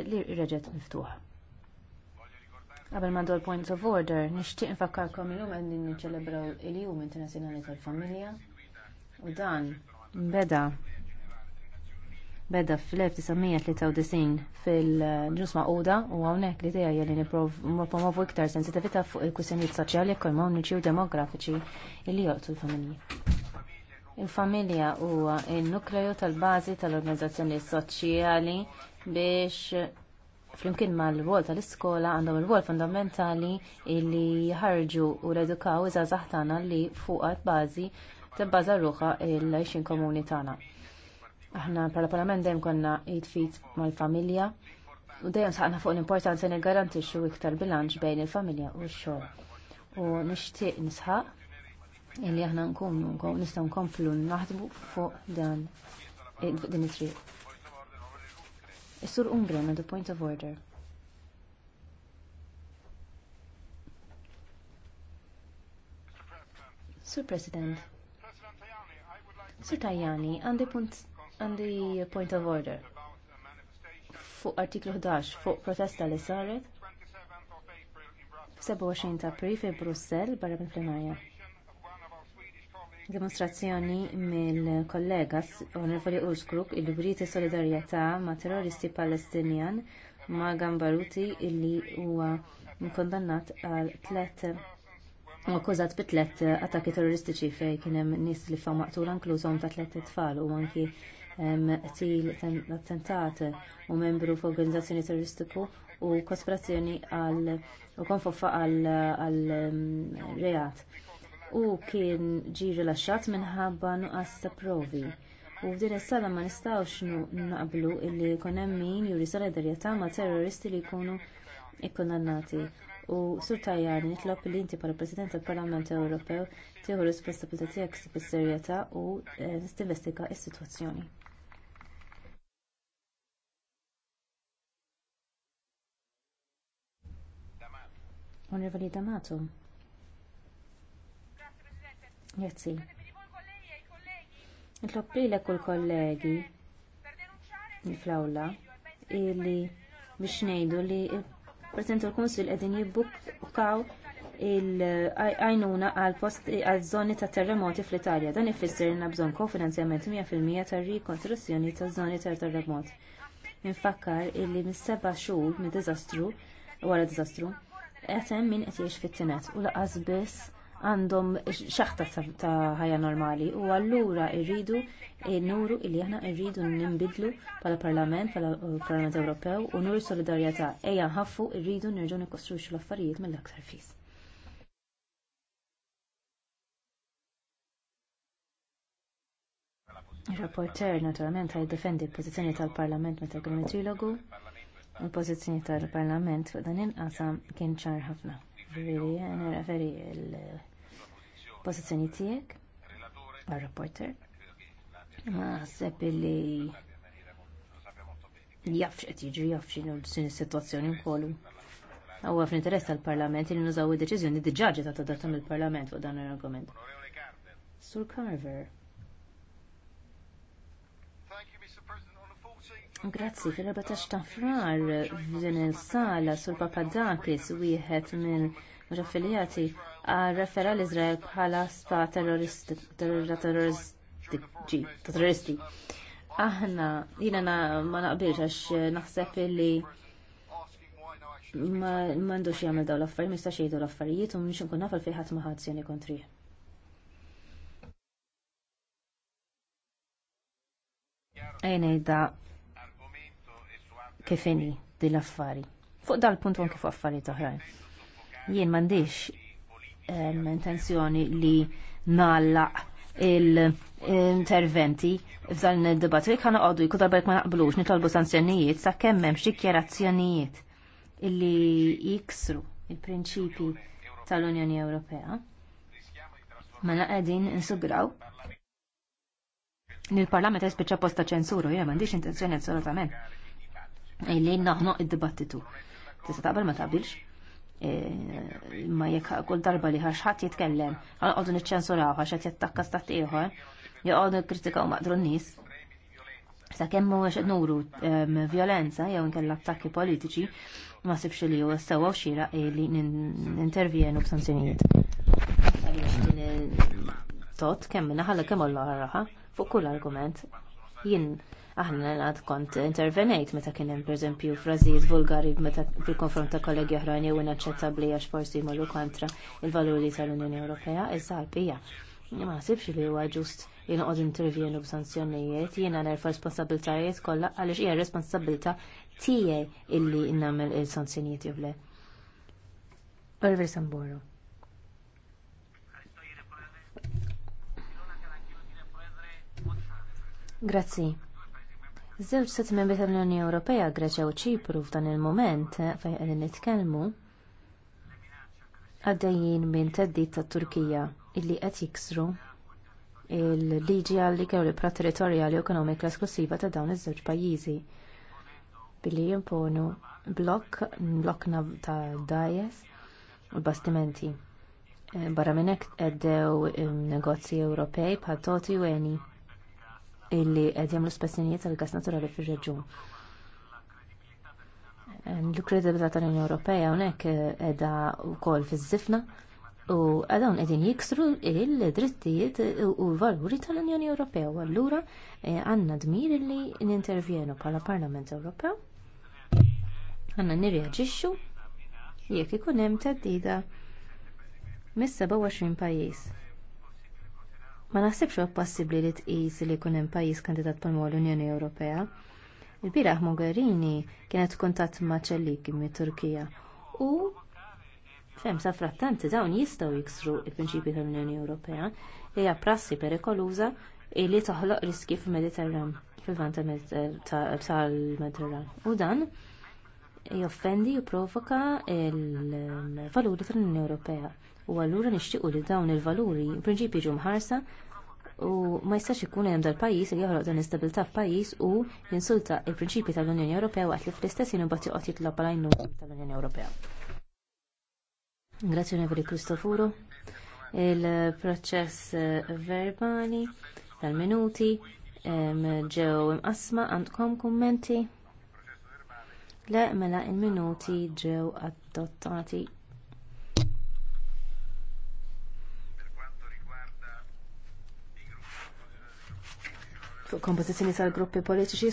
li reġet miftuħ. Qabel mandol points of order, nixtieq nfakkarkom illum qed nċelebraw il-Jum internazjonali tal-Familja u dan beda beda fl-1993 fil ġusma Uda u hawnhekk li tiegħi li nippromovu iktar sensitività fuq il-kwistjonijiet soċjali ekonomiċi u demografiċi li joqtu l-familji. Il-familja huwa n nukleju tal-bażi tal-organizzazzjoni soċjali biex flimkien mal rwol tal-iskola għandhom il-rwol fundamentali illi jħarġu u redukaw iżazah tagħna li fuqha bażi tibbaża ruħha l-għajxin komuni tagħna. Aħna bħala parlament dejjem konna jitfit mal-familja u dejjem saħna fuq l-importanza li garantixxu iktar bilanċ bejn il-familja u x-xogħol. U nixtieq nisħaq illi aħna nkunu nistgħu nkomplu naħdmu fuq dan din it-triq. Is-sur Ungren the point of order. Sur President. Sur Tajani, għandi punt għandi point of order fuq artiklu 11 fuq protesta li saret 27 ta' april fi Brussel, barra minn plenarja Dimostrazzjoni mill kollegas Onorevoli Urskruk il briti solidarjetà ma' terroristi Palestinjan ma' Gambaruti illi huwa kondannat għal tlet u akkużat bi tlet attakki terroristiċi fejn kien hemm nies li faw maqtula inklużhom ta' tlet tfal u anki qtil attentat u membru f'organizzazzjoni terroristiku u kospirazzjoni għal u għal reat u kien ġie rilaxxat minħabba nuqqas ta' provi. U f'din is-sala ma nistgħux naqblu illi jkun hemm min juri solidarjetà ma' terroristi li jkunu ikkondannati. U sur tajjar nitlob li inti bħala President tal-Parlament Ewropew tieħu responsabilità tiegħek bis-serjetà u tistinvestiga eh, s-sitwazzjoni. Onorevoli D'Amato. Grazie. Nitlob li kull kollegi fl-awla li biex ngħidu li President il-Kunsil qegħdin jibbukkaw il-għajnuna għal post għal żoni ta' terremoti fl-Italja. Dan ifisser li bżonn kofinanzjament 100% tar rikonstruzzjoni ta' żoni ta' terremot. Infakkar illi minn seba' xhur minn diżastru wara diżastru qed hemm min qed jgħix fit-tinet u laqas biss għandhom xaħta ta' ħajja normali u allura rridu nuru il-li aħna rridu nimbidlu bħala parlament, bħala uh, parlament Ewropew u nuru solidarjetà ejja nħaffu rridu nerġgħu nikkostruxxu l-affarijiet mill-aktar fis. Il-rapporter naturalment ħaj defendi l-pożizzjoni tal-Parlament meta kien trilogu u l-pożizzjoni tal-Parlament fuq dan inqasam kien ċar ħafna. referi eh, pożizzjoni tiegħek għar-rapporter. Ma sepp li jafx qed jiġri, jafx x'inhu s-sitwazzjoni Għu Huwa fl-interess tal-Parlament li nużaw id-deċiżjoni diġà t adottata mill-Parlament fuq dan l-argument. Sur Carver. Grazzi, fil-14 ta' frar f'din il-sala sur Papadakis wieħed minn affiljati rrefera l-Izrael bħala spa terroristi terroristi. Aħna, jina ma naqbilx għax naħseb li ma ndux jagħmel daw l-affarijiet, ma jistax jgħidu l-affarijiet u mhux inkun nafal fejn ħadd ma kontri. Ejna jgħidda kifini din l-affari. Fuq dal-punt kif affarijiet oħrajn. Jien m'għandix intenzjoni li nalla il-interventi f'dan il-dibattu. Jek ħana għadu jkun darbek ma naqblux nitolbu sanzjonijiet sa' kemm hemm dikjerazzjonijiet illi jiksru il-prinċipi tal-Unjoni Ewropea. Mela qegħdin insugraw il-Parlament jispiċċa posta ċensuru, jiena m'għandix intenzjoni assolutament. Illi naħnoq id-dibattitu. Tista' taqbel ma taqbilx? Eh, ma jekk kull darba li għax ħadd jitkellem, għanqodu niċċensuraw għax qed jattakka stat ieħor, joqogħdu nikkritikaw maqdru n-nies. Sa kemm mhuwiex qed nuru ehm, violenza jew nkella attakki politiċi, ma sibx li s-sewa u xira li nintervjenu intervjenu Għaliex din tot kemm minna ħalla kemm l fuq kull argument. Jien Aħna għad kont intervenejt meta kien hemm perżempju frażijiet vulgari meta fil-konfront ta' kollegi oħrajn jew inaċċettabbli għax forsi jmorru kontra il-valuri tal-Unjoni Ewropea issa għalpija. Ma nasibx li huwa ġust jinqod intervjenu b'sanzjonijiet, jiena nerfa responsabiltajiet kollha għaliex hija responsabilità tiegħi illi nagħmel il-sanzjonijiet jew le. Oliver Samboro. Grazzi. Żewġ stati membri tal-Unjoni Ewropea, Greċja u Ċipru f'dan il-moment eh, fejn qegħdin nitkellmu għaddejjin minn theddid tat-Turkija illi qed jiksru il-liġi għall għalli kewlibra territorjali u ekonomika esklusiva ta' dawn iż-żewġ pajjiżi billi jimponu blokk blokna ta' dajes u bastimenti. Eh, barra minn hekk għeddew eh, negozji Ewropej bħal Toti u Eni illi qed jagħmlu spazzjonijiet tal-gas naturali fir-reġjun. Ehm, l-kredibilità tal-Unjoni Ewropea hawnhekk qiegħda wkoll fiż-żifna u għadawn qegħdin jiksru l drittijiet u l-valuri tal-Unjoni Ewropea u allura eh, għandna dmir li nintervjenu bħala Parlament Ewropew. Għandna nirreaġixxu jekk ikun hemm teddida mis-27 pajjiż Ma naħsibx huwa possibbli li tqis li jkun hemm pajjiż kandidat bħalma l-Unjoni Ewropea. Il-biraħ Mogherini kienet kuntatt ma' ċelliki mit-Turkija u Fem, sa frattanti dawn jistgħu jiksru l prinċipji tal-Unjoni Ewropea li hija prassi perikoluża li toħloq riski fil-Mediterran, fil-vant tal-Mediterran. U dan joffendi u provoka il-valuri tal-Unjoni Ewropea. U allura nixtiequ li dawn il-valuri prinċipji ġu mħarsa u ma jistax ikun hemm dal-pajjiż li joħloq dan l-istabilità f'pajjiż u jinsulta l-prinċipji tal-Unjoni Ewropea waqt li fl-istess jien imbagħad joqgħod jitlob għal tal-Unjoni Ewropea. Grazzi Nevri Kristofuru. Il-proċess eh, verbali tal-minuti ġew imqasma għandkom kummenti. Le mela l minuti ġew adottati. Eh, Fuq kompożizzjoni tal-gruppi politiċi